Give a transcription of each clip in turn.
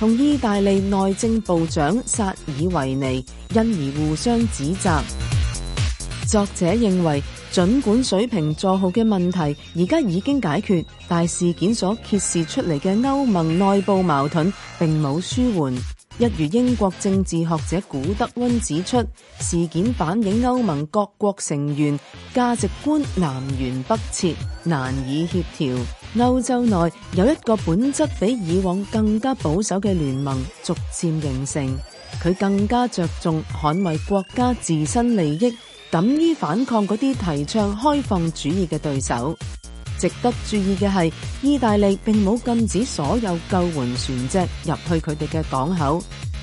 同意大利內政部長薩爾維尼因而互相指責。作者認為，盡管水瓶座號嘅問題而家已經解決，但事件所揭示出嚟嘅歐盟內部矛盾並冇舒緩。一如英國政治學者古德溫指出，事件反映歐盟各國成員價值觀南轅北轍，難以協調。歐洲內有一個本質比以往更加保守嘅聯盟逐漸形成，佢更加着重捍衛國家自身利益，敢於反抗嗰啲提倡開放主義嘅對手。值得注意嘅係，意大利並冇禁止所有救援船只入去佢哋嘅港口。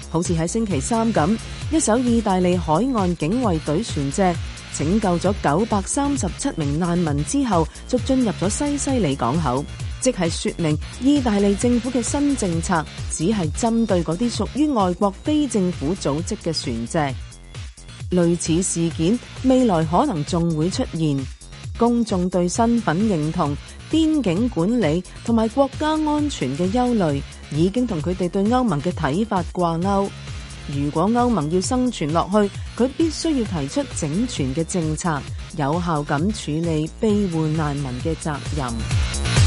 好似喺星期三咁，一艘意大利海岸警衛隊船隻拯救咗九百三十七名難民之後，就進入咗西西里港口，即係說明意大利政府嘅新政策只係針對嗰啲屬於外國非政府組織嘅船隻。類似事件未來可能仲會出現，公眾對身份認同、邊境管理同埋國家安全嘅憂慮。已經同佢哋對歐盟嘅睇法掛鈎。如果歐盟要生存落去，佢必須要提出整全嘅政策，有效咁處理庇護難民嘅責任。